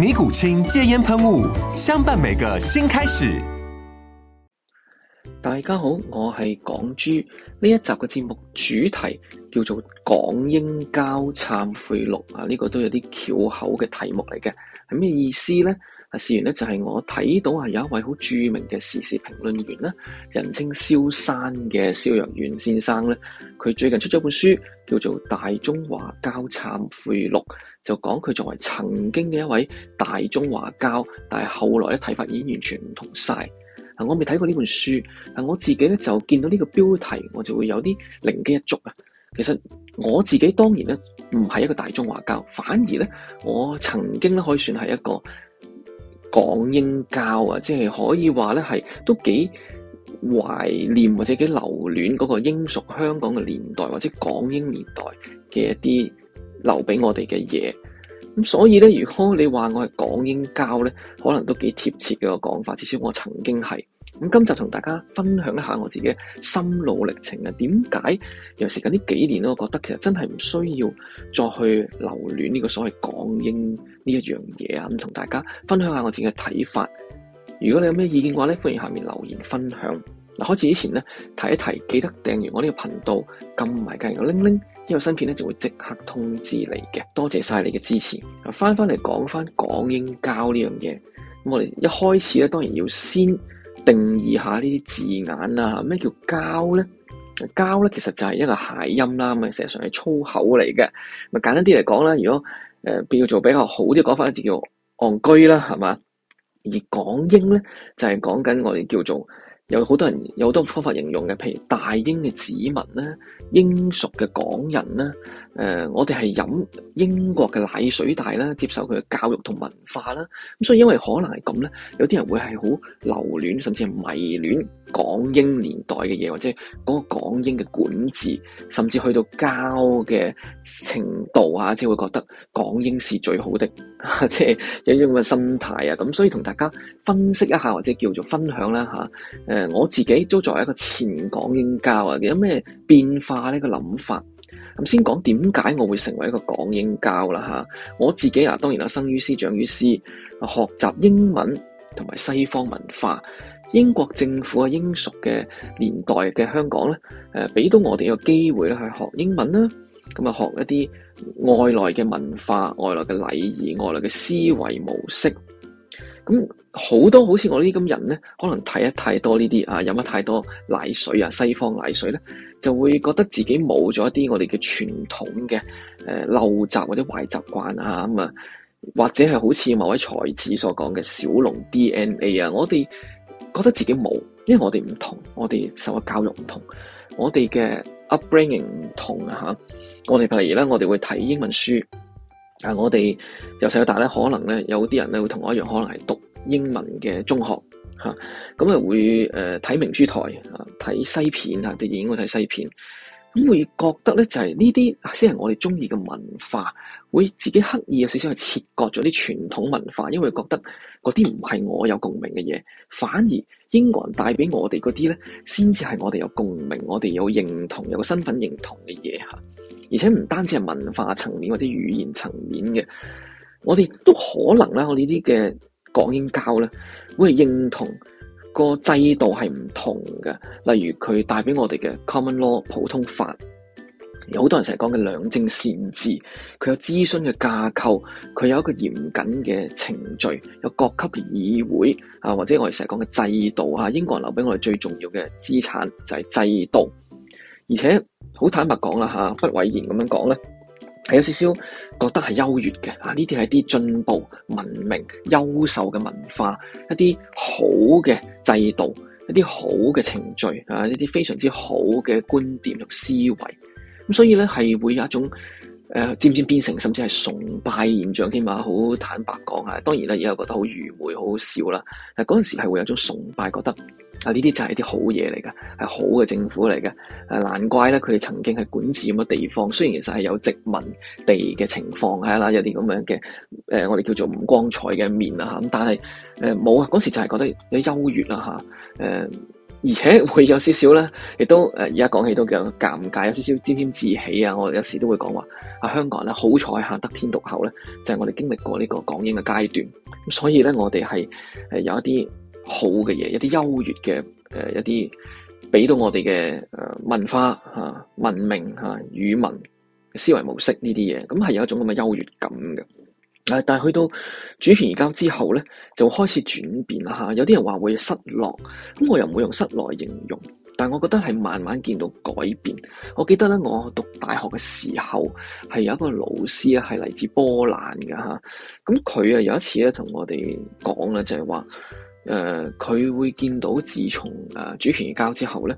尼古清戒煙噴霧，相伴每個新開始。大家好，我係港豬。呢一集嘅節目主題叫做《港英膠懺悔錄》啊，呢、這個都有啲拗口嘅題目嚟嘅，係咩意思呢？啊，事源咧就係我睇到係有一位好著名嘅時事評論員啦，人稱蕭山嘅蕭若元先生咧，佢最近出咗一本書叫做《大中華膠懺悔錄》，就講佢作為曾經嘅一位大中華膠，但係後來咧睇法已經完全唔同晒。啊，我未睇過呢本書，啊，我自己咧就見到呢個標題我就會有啲靈機一觸啊。其實我自己當然咧唔係一個大中華膠，反而咧我曾經咧可以算係一個。港英膠啊，即係可以話咧，係都幾懷念或者幾留戀嗰個英屬香港嘅年代，或者港英年代嘅一啲留俾我哋嘅嘢。咁所以咧，如果你話我係港英膠咧，可能都幾貼切嘅一個講法，至少我曾經係。咁今集同大家分享一下我自己心路歷程啊。點解有時間呢幾年咧，我覺得其實真係唔需要再去留戀呢個所謂港英呢一樣嘢啊。咁同大家分享下我自己嘅睇法。如果你有咩意見嘅話咧，歡迎下面留言分享嗱。開始之前咧，提一提，記得訂閱我呢個頻道，撳埋隔籬個鈴鈴，因為新片咧就會即刻通知你嘅。多謝晒你嘅支持。翻翻嚟講翻港英膠呢樣嘢，咁我哋一開始咧，當然要先定義下呢啲字眼啊，咩叫膠咧？膠咧其實就係一個諧音啦，咁啊成日常係粗口嚟嘅。咁啊簡單啲嚟講啦，如果誒叫做比較好啲嘅講法，就叫戇居啦，係嘛？而港英咧就係、是、講緊我哋叫做有好多人有好多方法形容嘅，譬如大英嘅子民啦，英屬嘅港人啦。誒、呃，我哋係飲英國嘅奶水大啦，接受佢嘅教育同文化啦，咁所以因為可能係咁咧，有啲人會係好留戀，甚至係迷戀港英年代嘅嘢，或者嗰個港英嘅管治，甚至去到膠嘅程度啊，先會覺得港英是最好的，啊、即係有啲咁嘅心態啊。咁所以同大家分析一下，或者叫做分享啦嚇。誒、啊，我自己都作為一個前港英膠啊，有咩變化呢個諗法？咁先講點解我會成為一個港英膠啦嚇，我自己啊當然啊，生於斯長於斯，啊，學習英文同埋西方文化，英國政府啊，英屬嘅年代嘅香港咧，誒俾到我哋一個機會咧去學英文啦，咁啊學一啲外來嘅文化、外來嘅禮儀、外來嘅思維模式，咁。多好多好似我呢啲咁人咧，可能睇得太多呢啲啊，飲得太多奶水啊，西方奶水咧，就會覺得自己冇咗一啲我哋嘅傳統嘅誒陋習或者壞習慣啊。咁、呃、啊，或者係好似某位才子所講嘅小龍 D N A 啊，我哋覺得自己冇，因為我哋唔同，我哋受嘅教育唔同，我哋嘅 upbringing 唔同啊。吓，我哋譬如咧，我哋會睇英文書啊，我哋由細到大咧，可能咧有啲人咧會同我一樣可能係讀。英文嘅中學嚇，咁啊會誒睇明珠台啊，睇、呃啊、西片啊，啲電影會睇西片，咁會覺得咧就係呢啲先係我哋中意嘅文化，會自己刻意有少少去切割咗啲傳統文化，因為覺得嗰啲唔係我有共鳴嘅嘢，反而英國人帶俾我哋嗰啲咧，先至係我哋有共鳴，我哋有認同，有個身份認同嘅嘢嚇。而且唔單止係文化層面或者語言層面嘅，我哋都可能咧，我呢啲嘅。港英膠咧，會認同個制度係唔同嘅。例如佢帶俾我哋嘅 common law 普通法，有好多人成日講嘅良政善治，佢有諮詢嘅架構，佢有一個嚴謹嘅程序，有各級議會啊，或者我哋成日講嘅制度啊，英國人留俾我哋最重要嘅資產就係制度。而且好坦白講啦，嚇、啊、不諱言咁樣講咧。係有少少覺得係優越嘅啊！呢啲係啲進步、文明、優秀嘅文化，一啲好嘅制度，一啲好嘅程序啊，一啲非常之好嘅觀點同思維咁、啊，所以咧係會有一種誒漸漸變成甚至係崇拜現象添嘛。好、啊、坦白講啊，當然咧，而家覺得好愚昧、好笑啦。嗱、啊，嗰、啊、陣時係會有一種崇拜，覺得。啊！呢啲就係啲好嘢嚟噶，係好嘅政府嚟嘅。誒，難怪咧，佢哋曾經係管治咁嘅地方，雖然其實係有殖民地嘅情況啊啦，有啲咁樣嘅誒，我哋叫做唔光彩嘅面啊嚇。咁但係誒冇啊，嗰時就係覺得有啲優越啊嚇。誒，而且會有少少咧，亦都誒而家講起都叫做尷尬，有少少沾沾自喜啊。我哋有時都會講話啊，香港咧好彩嚇，得天獨厚咧，就係我哋經歷過呢個港英嘅階段，所以咧我哋係誒有一啲。好嘅嘢，一啲優越嘅，誒一啲俾到我哋嘅誒文化嚇、文明嚇、語文、思維模式呢啲嘢，咁係、嗯、有一種咁嘅優越感嘅。但係去到主權移交之後咧，就開始轉變啦嚇。有啲人話會失落，咁我又唔會用失落形容，但係我覺得係慢慢見到改變。我記得咧，我讀大學嘅時候係有一個老師啊，係嚟自波蘭㗎嚇。咁佢啊有一次咧同我哋講咧，就係、是、話。誒，佢、呃、會見到自從誒、呃、主權移交之後咧，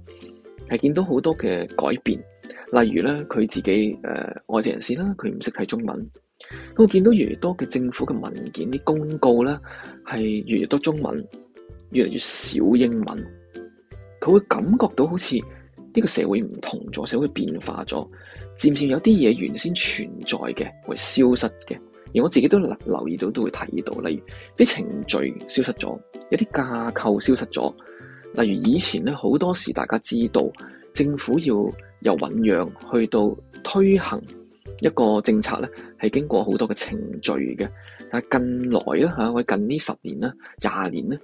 係見到好多嘅改變。例如咧，佢自己誒、呃、外籍人士啦，佢唔識睇中文。咁我見到越嚟越多嘅政府嘅文件、啲公告咧，係越嚟越多中文，越嚟越少英文。佢會感覺到好似呢個社會唔同咗，社會變化咗，漸漸有啲嘢原先存在嘅會消失嘅。而我自己都留意到，都會睇到，例如啲程序消失咗，一啲架構消失咗。例如以前咧，好多時大家知道政府要由醖釀去到推行一個政策咧，係經過好多嘅程序嘅。但係近來啦，嚇、啊，我近呢十年啦、廿年咧，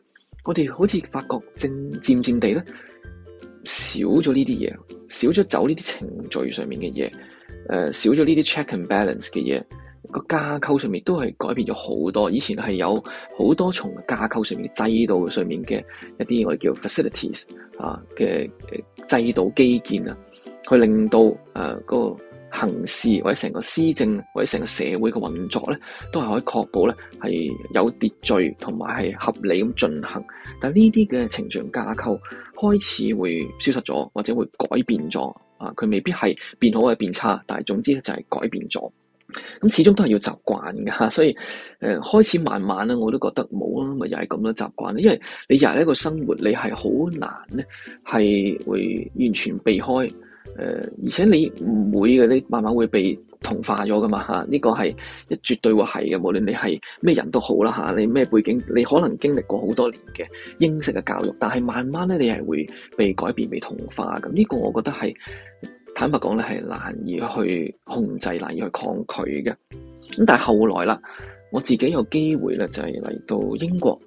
我哋好似發覺正漸漸地咧少咗呢啲嘢，少咗走呢啲程序上面嘅嘢，誒、呃、少咗呢啲 check and balance 嘅嘢。個架構上面都係改變咗好多，以前係有好多從架構上面、制度上面嘅一啲我哋叫 facilities 啊嘅制度基建啊，佢令到誒嗰個行事或者成個施政或者成個社會嘅運作咧，都係可以確保咧係有秩序同埋係合理咁進行。但呢啲嘅程序架構開始會消失咗，或者會改變咗啊！佢未必係變好或者變差，但係總之咧就係改變咗。咁始終都係要習慣噶，所以誒、呃、開始慢慢咧，我都覺得冇啦，咪又係咁樣，習慣。因為你日喺一個生活，你係好難咧，係會完全避開誒、呃，而且你唔會嘅，你慢慢會被同化咗噶嘛吓，呢、這個係絕對話係嘅，無論你係咩人都好啦吓、啊，你咩背景，你可能經歷過好多年嘅英式嘅教育，但係慢慢咧，你係會被改變、被同化咁，呢、這個我覺得係。坦白講咧，係難以去控制，難以去抗拒嘅。咁但係後來啦，我自己有機會咧，就係、是、嚟到英國，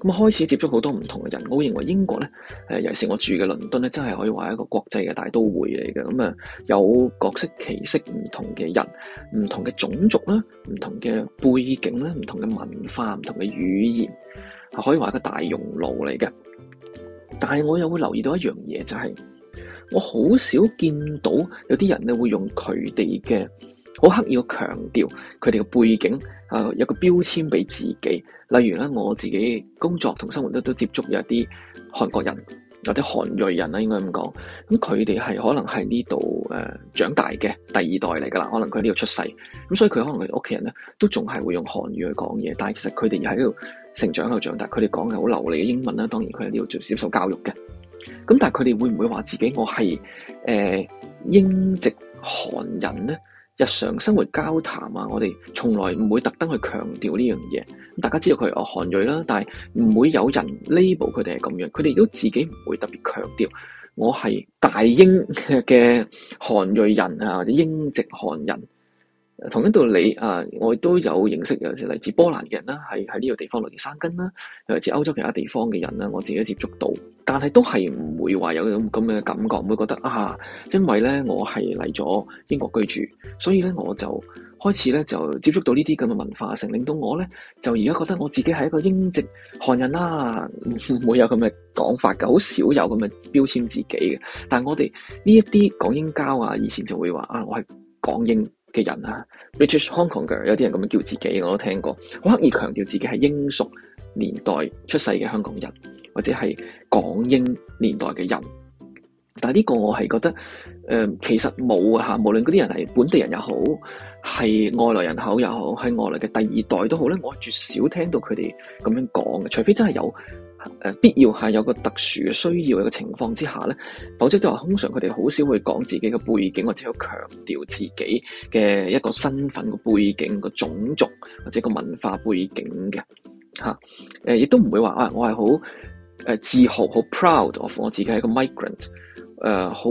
咁啊開始接觸好多唔同嘅人。我認為英國咧，誒尤其是我住嘅倫敦咧，真係可以話係一個國際嘅大都會嚟嘅。咁、嗯、啊，有各式其式、唔同嘅人，唔同嘅種族啦，唔同嘅背景咧，唔同嘅文化，唔同嘅語言，可以話一個大熔爐嚟嘅。但係我又會留意到一樣嘢，就係、是。我好少見到有啲人咧，會用佢哋嘅好刻意去強調佢哋嘅背景，誒、呃、有個標籤俾自己。例如咧，我自己工作同生活咧，都接觸有啲韓國人，有啲韓裔人啦，應該咁講。咁佢哋係可能係呢度誒長大嘅第二代嚟㗎啦，可能佢喺呢度出世，咁所以佢可能佢屋企人咧都仲係會用韓語去講嘢，但係其實佢哋又喺度成長，喺度長大，佢哋講嘅好流利嘅英文啦，當然佢喺呢度做接受教育嘅。咁但係佢哋會唔會話自己我係誒、呃、英籍韓人咧？日常生活交談啊，我哋從來唔會特登去強調呢樣嘢。咁大家知道佢係我韓裔啦，但係唔會有人 label 佢哋係咁樣。佢哋都自己唔會特別強調我係大英嘅韓裔人啊，或者英籍韓人。同一道理，啊，我都有認識，有啲嚟自波蘭嘅人啦，係喺呢個地方落地生根啦，又嚟自歐洲其他地方嘅人啦，我自己都接觸到，但係都係唔會話有咁咁嘅感覺，唔會覺得啊，因為咧我係嚟咗英國居住，所以咧我就開始咧就接觸到呢啲咁嘅文化，成令到我咧就而家覺得我自己係一個英籍韓人啦，唔、啊、會 有咁嘅講法嘅，好少有咁嘅標籤自己嘅。但係我哋呢一啲港英膠啊，以前就會話啊，我係港英。嘅人啊，British Hong Konger，有啲人咁樣叫自己，我都聽過，好刻意強調自己係英屬年代出世嘅香港人，或者係港英年代嘅人。但係呢個我係覺得，誒、呃、其實冇啊嚇，無論嗰啲人係本地人又好，係外來人口又好，係外來嘅第二代都好咧，我係絕少聽到佢哋咁樣講嘅，除非真係有。誒，必要係有個特殊嘅需要嘅情況之下咧，否則都話，通常佢哋好少會講自己嘅背景，或者好強調自己嘅一個身份個背景個種族或者個文化背景嘅吓。誒、亦、呃、都唔會話啊，我係好誒自豪，好 proud of 我自己係一個 migrant 誒、呃，好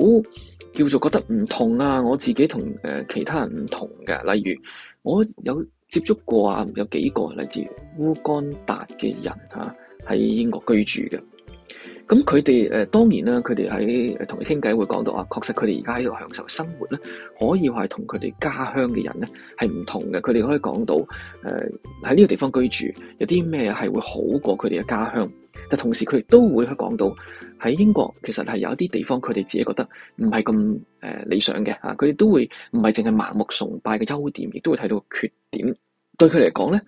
叫做覺得唔同啊，我自己同誒、呃、其他人唔同嘅。例如我有接觸過啊，有幾個嚟自烏干達嘅人吓。喺英國居住嘅，咁佢哋誒當然啦，佢哋喺同佢傾偈會講到啊，確實佢哋而家喺度享受生活咧，可以話係同佢哋家鄉嘅人咧係唔同嘅。佢哋可以講到誒喺呢個地方居住有啲咩係會好過佢哋嘅家鄉，但同時佢哋都會去講到喺英國其實係有一啲地方佢哋自己覺得唔係咁誒理想嘅嚇，佢哋都會唔係淨係盲目崇拜嘅優點，亦都會睇到缺點。對佢嚟講咧。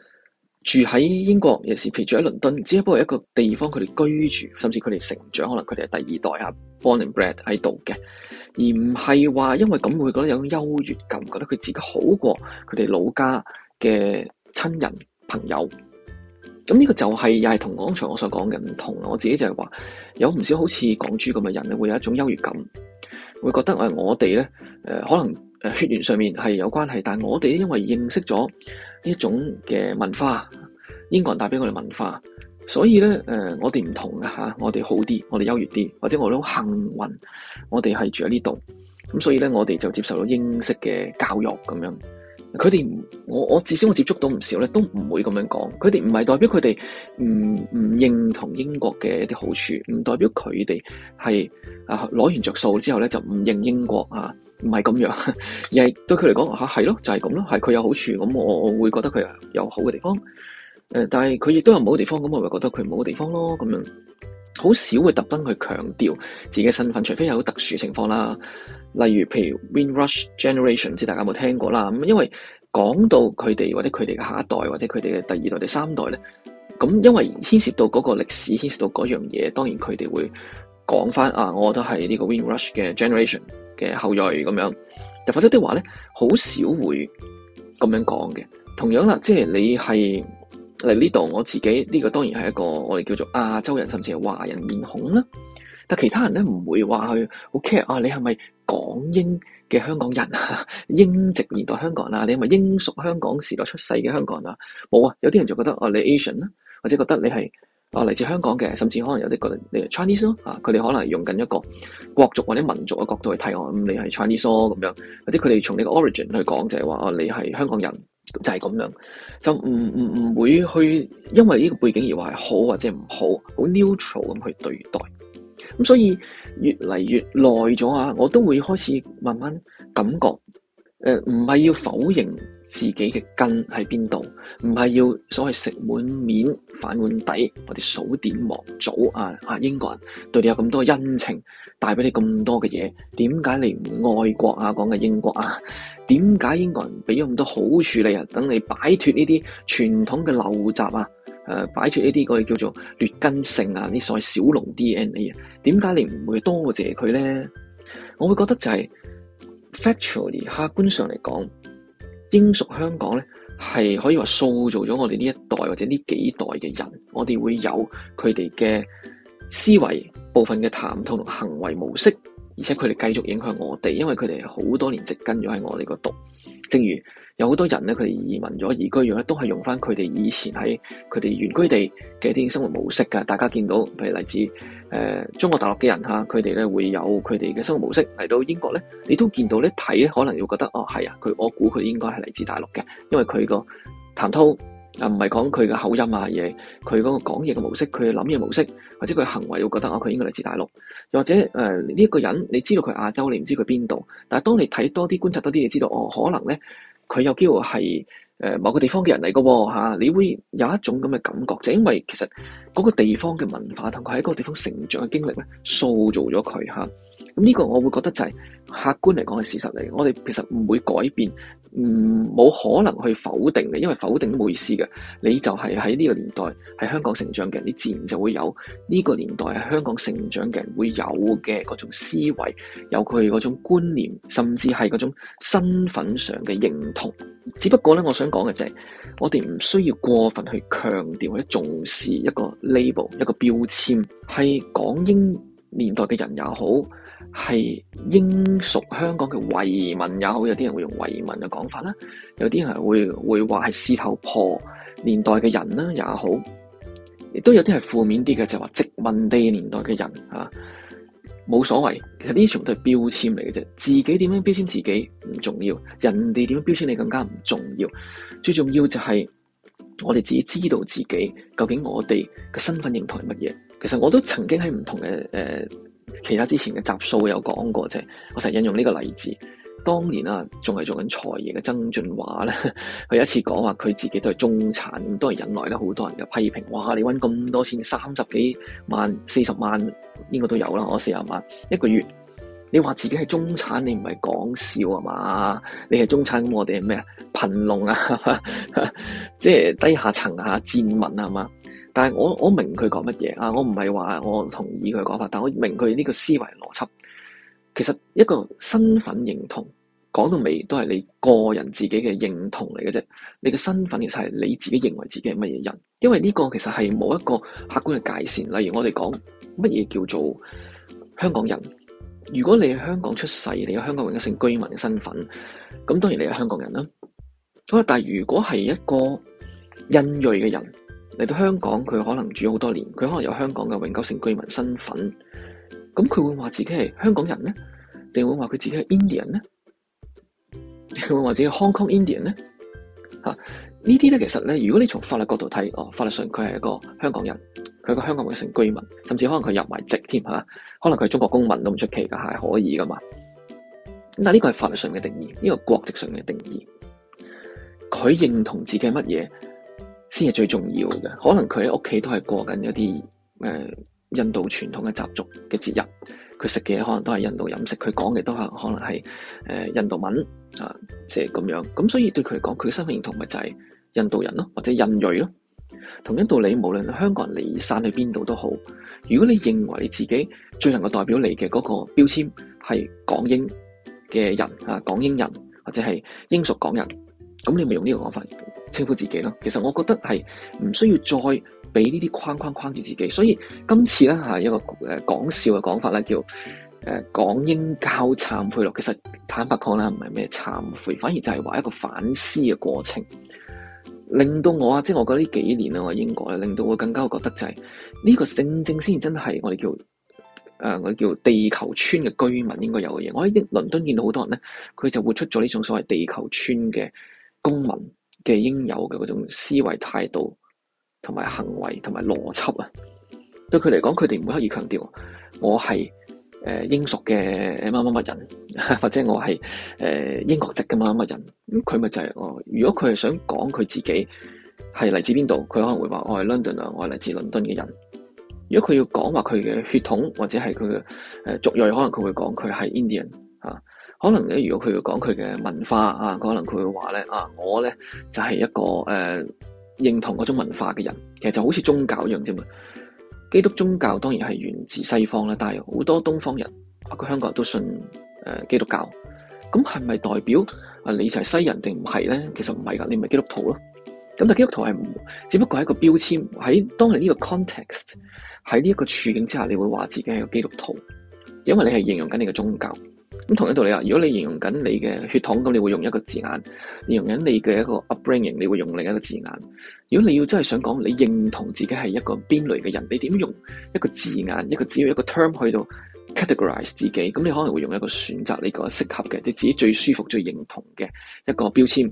住喺英國，尤其住喺倫敦，只不過係一個地方佢哋居住，甚至佢哋成長，可能佢哋係第二代啊，born and bred 喺度嘅，而唔係話因為咁會覺得有種優越感，覺得佢自己好過佢哋老家嘅親人朋友。咁呢個就係又係同剛才我所講嘅唔同，我自己就係話有唔少好似港豬咁嘅人咧，會有一種優越感，會覺得誒我哋咧誒可能。血緣上面係有關係，但我哋因為認識咗呢一種嘅文化，英國人帶俾我哋文化，所以咧誒、呃，我哋唔同嘅吓，我哋好啲，我哋優越啲，或者我哋好幸運，我哋係住喺呢度，咁所以咧，我哋就接受咗英式嘅教育咁樣。佢哋，我我至少我接觸到唔少咧，都唔會咁樣講。佢哋唔係代表佢哋唔唔認同英國嘅一啲好處，唔代表佢哋係啊攞完着數之後咧就唔認英國啊。唔係咁樣，而係對佢嚟講嚇係咯，就係咁咯，係佢有好處，咁我會覺得佢有好嘅地方。誒、呃，但係佢亦都有唔好嘅地方，咁我咪覺得佢唔好嘅地方咯。咁樣好少會特登去強調自己嘅身份，除非有特殊情況啦。例如，譬如 Windrush Generation，唔知大家有冇聽過啦。咁因為講到佢哋或者佢哋嘅下一代或者佢哋嘅第二代、第三代咧，咁因為牽涉到嗰個歷史，牽涉到嗰樣嘢，當然佢哋會講翻啊。我覺得係呢個 Windrush 嘅 Generation。嘅後裔咁樣，但否則的話咧，好少會咁樣講嘅。同樣啦，即係你係嚟呢度，我自己呢、呢個當然係一個我哋叫做亞洲人，甚至係華人面孔啦。但其他人咧，唔會話去好 care 啊，你係咪港英嘅香港人、啊， 英殖年代香港人啊？你係咪英屬香港時代出世嘅香港人啊？冇啊，有啲人就覺得哦、啊，你 Asian 啦，或者覺得你係，啊，嚟自香港嘅，甚至可能有啲覺得你係 Chinese 咯，啊，佢哋可能用緊一個國族或者民族嘅角度去睇我，咁、嗯、你係 Chinese 咯咁樣，有、啊、啲佢哋從呢個 origin 去講就係、是、話，啊，你係香港人就係、是、咁樣，就唔唔唔會去因為呢個背景而話係好或者唔好，好 neutral 咁去對待，咁、啊、所以越嚟越耐咗啊，我都會開始慢慢感覺，誒、呃，唔係要否認。自己嘅根喺邊度？唔係要所謂食碗面反碗底，我哋數典忘祖啊！啊，英國人對你有咁多恩情，帶俾你咁多嘅嘢，點解你唔愛國啊？講緊英國啊，點解英國人俾咗咁多好處你啊？等你擺脫呢啲傳統嘅陋習啊，誒、啊，擺脫呢啲嗰啲叫做劣根性啊，呢所謂小農 DNA 啊，點解你唔會多謝佢咧？我會覺得就係、是、factually 客觀上嚟講。英屬香港咧，係可以話塑造咗我哋呢一代或者呢幾代嘅人，我哋會有佢哋嘅思維、部分嘅談吐同行為模式。而且佢哋繼續影響我哋，因為佢哋好多年紮根咗喺我哋個度。正如有好多人咧，佢哋移民咗移居咗咧都係用翻佢哋以前喺佢哋原居地嘅啲生活模式噶。大家見到，譬如嚟自誒、呃、中國大陸嘅人嚇，佢哋咧會有佢哋嘅生活模式嚟到英國咧，你都見到咧，睇可能要覺得哦，係啊，佢我估佢應該係嚟自大陸嘅，因為佢個談吐。啊，唔係講佢嘅口音啊，嘢佢嗰個講嘢嘅模式，佢諗嘢模式，或者佢行為，會覺得哦，佢、啊、應該嚟自大陸，又或者誒呢一個人，你知道佢亞洲，你唔知佢邊度，但係當你睇多啲觀察多啲，你知道哦，可能咧佢有機會係誒、呃、某個地方嘅人嚟㗎吓，你會有一種咁嘅感覺，就是、因為其實嗰、嗰個地方嘅文化同佢喺嗰個地方成長嘅經歷咧，塑造咗佢吓。咁、啊、呢、呢個我會覺得就係、是。客觀嚟講係事實嚟，我哋其實唔會改變，唔、嗯、冇可能去否定你，因為否定都冇意思嘅。你就係喺呢個年代喺香港成長嘅人，你自然就會有呢、這個年代喺香港成長嘅人會有嘅嗰種思維，有佢嗰種觀念，甚至係嗰種身份上嘅認同。只不過咧，我想講嘅就係我哋唔需要過分去強調或者重視一個 label 一個標籤，係港英年代嘅人也好。係英屬香港嘅遺民也好，有啲人會用遺民嘅講法啦，有啲人係會會話係事頭婆年代嘅人啦也好，亦都有啲係負面啲嘅，就係話殖民地年代嘅人啊，冇所謂。其實呢啲全部都係標籤嚟嘅啫，自己點樣標籤自己唔重要，人哋點樣標籤你更加唔重要。最重要就係我哋自己知道自己究竟我哋嘅身份認同係乜嘢。其實我都曾經喺唔同嘅誒。呃其他之前嘅集數有講過啫，我成日引用呢個例子，當年啊仲係做緊財爺嘅曾俊華咧，佢 有一次講話佢自己都係中產，都係引來咧好多人嘅批評。哇！你搵咁多錢，三十幾萬、四十萬應該都有啦，我四十萬一個月。你話自己係中產，你唔係講笑啊嘛？你係中產，咁我哋係咩啊？貧 農啊，即係低下層啊，賤民啊嘛。但係我我明佢講乜嘢啊。我唔係話我同意佢講法，但我明佢呢個思維邏輯。其實一個身份認同講到尾都係你個人自己嘅認同嚟嘅啫。你嘅身份其實係你自己認為自己係乜嘢人，因為呢個其實係冇一個客觀嘅界線。例如我哋講乜嘢叫做香港人？如果你喺香港出世，你有香港永久性居民嘅身份，咁當然你係香港人啦。好啦，但係如果係一個印裔嘅人嚟到香港，佢可能住好多年，佢可能有香港嘅永久性居民身份，咁佢會話自己係香港人咧，定會話佢自己係 Indian 咧，定會話自己 Hong Kong Indian 咧？嚇、啊，呢啲咧其實咧，如果你從法律角度睇，哦，法律上佢係一個香港人。佢個香港永成居民，甚至可能佢入埋籍添嚇，可能佢係中國公民都唔出奇噶，係可以噶嘛。但係呢個係法律上嘅定義，呢個國籍上嘅定義，佢認同自己係乜嘢先係最重要嘅？可能佢喺屋企都係過緊一啲誒、呃、印度傳統嘅習俗嘅節日，佢食嘅可能都係印度飲食，佢講嘅都係可能係誒印度文啊，即係咁樣。咁所以對佢嚟講，佢嘅身份認同咪就係印度人咯，或者印裔咯。同一道理，無論香港人離散去邊度都好，如果你認為你自己最能夠代表你嘅嗰個標籤係港英嘅人啊，港英人或者係英屬港人，咁你咪用呢個講法稱呼自己咯。其實我覺得係唔需要再俾呢啲框框框住自己。所以今次咧吓一個誒講笑嘅講法咧叫誒、呃、港英膠懺悔咯。其實坦白講啦，唔係咩懺悔，反而就係話一個反思嘅過程。令到我啊，即係我覺得呢幾年啊，我喺英國咧，令到我更加我覺得就係、是、呢、這個正正先至真係我哋叫誒、呃、我哋叫地球村嘅居民應該有嘅嘢。我喺啲倫敦見到好多人咧，佢就活出咗呢種所謂地球村嘅公民嘅應有嘅嗰種思維態度同埋行為同埋邏輯啊。對佢嚟講，佢哋唔會刻意強調我係。誒英屬嘅乜乜乜人，或者我係誒英國籍嘅乜乜乜人，咁佢咪就係、是、我、哦。如果佢係想講佢自己係嚟自邊度，佢可能會話我係 London 啊，我係嚟自倫敦嘅人。如果佢要講話佢嘅血統或者係佢嘅誒族裔，可能佢會講佢係 Indian 啊。可能咧，如果佢要講佢嘅文化啊，可能佢會話咧啊，我咧就係、是、一個誒、呃、認同嗰種文化嘅人，其實就好似宗教一樣啫嘛。基督宗教當然係源自西方啦，但係好多東方人包括香港人都信誒、呃、基督教，咁係咪代表啊你係西人定唔係咧？其實唔係噶，你咪基督徒咯。咁但係基督徒係唔、只不過係一個標籤，喺當係呢個 context 喺呢一個處境之下，你會話自己係個基督徒，因為你係形容緊你嘅宗教。咁同一道理啊！如果你形容緊你嘅血統，咁你會用一個字眼；形容緊你嘅一個 upbringing，你會用另一個字眼。如果你要真係想講你認同自己係一個邊類嘅人，你點用一個字眼、一個只要一個 term 去到 categorize 自己？咁你可能會用一個選擇你個適合嘅，你自己最舒服、最認同嘅一個標籤。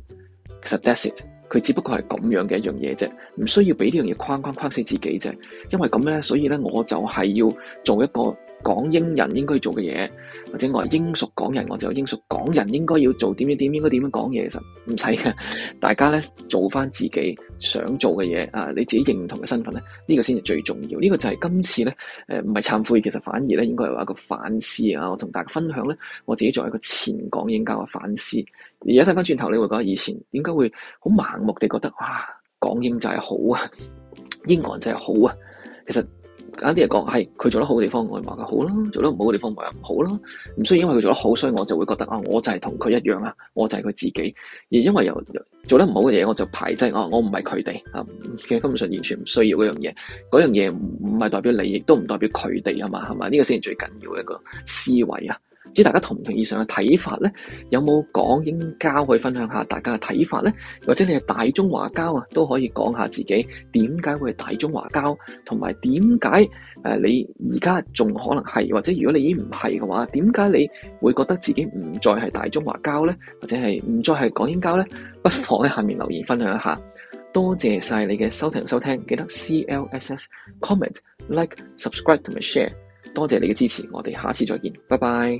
其實 that's it，佢只不過係咁樣嘅一樣嘢啫，唔需要俾呢樣嘢框框框死自己啫。因為咁咧，所以咧我就係要做一個。港英人應該做嘅嘢，或者我係英屬港人，我就英屬港人應該要做點點點，應該點樣講嘢，其實唔使嘅。大家咧做翻自己想做嘅嘢啊，你自己認同嘅身份咧，呢、這個先係最重要。呢、這個就係今次咧，誒唔係懺悔，其實反而咧應該係話一個反思啊！我同大家分享咧，我自己作為一個前港英膠嘅反思。而家睇翻轉頭，你會覺得以前點解會好盲目地覺得哇，港英就係好啊，英國人就係好啊，其實。有啲人講係佢做得好嘅地方，我話佢好啦；做得唔好嘅地方，我話唔好啦。唔需要因為佢做得好，所以我就會覺得啊，我就係同佢一樣啦，我就係佢自己。而因為由做得唔好嘅嘢，我就排擠我、啊，我唔係佢哋啊。其實根本上完全唔需要嗰樣嘢，嗰樣嘢唔唔係代表你，亦都唔代表佢哋啊嘛，係咪？呢、這個先係最緊要嘅一個思維啊！唔知大家同唔同意上嘅睇法呢？有冇港英膠去分享下大家嘅睇法呢？或者你係大中華膠啊，都可以講下自己點解會係大中華膠，同埋點解誒，你而家仲可能係，或者如果你已經唔係嘅話，點解你會覺得自己唔再係大中華膠呢？或者係唔再係港英膠呢？不妨喺下面留言分享一下。多謝晒你嘅收聽收聽，記得 C L S S comment like subscribe 同埋 share。多謝你嘅支持，我哋下次再見，拜拜。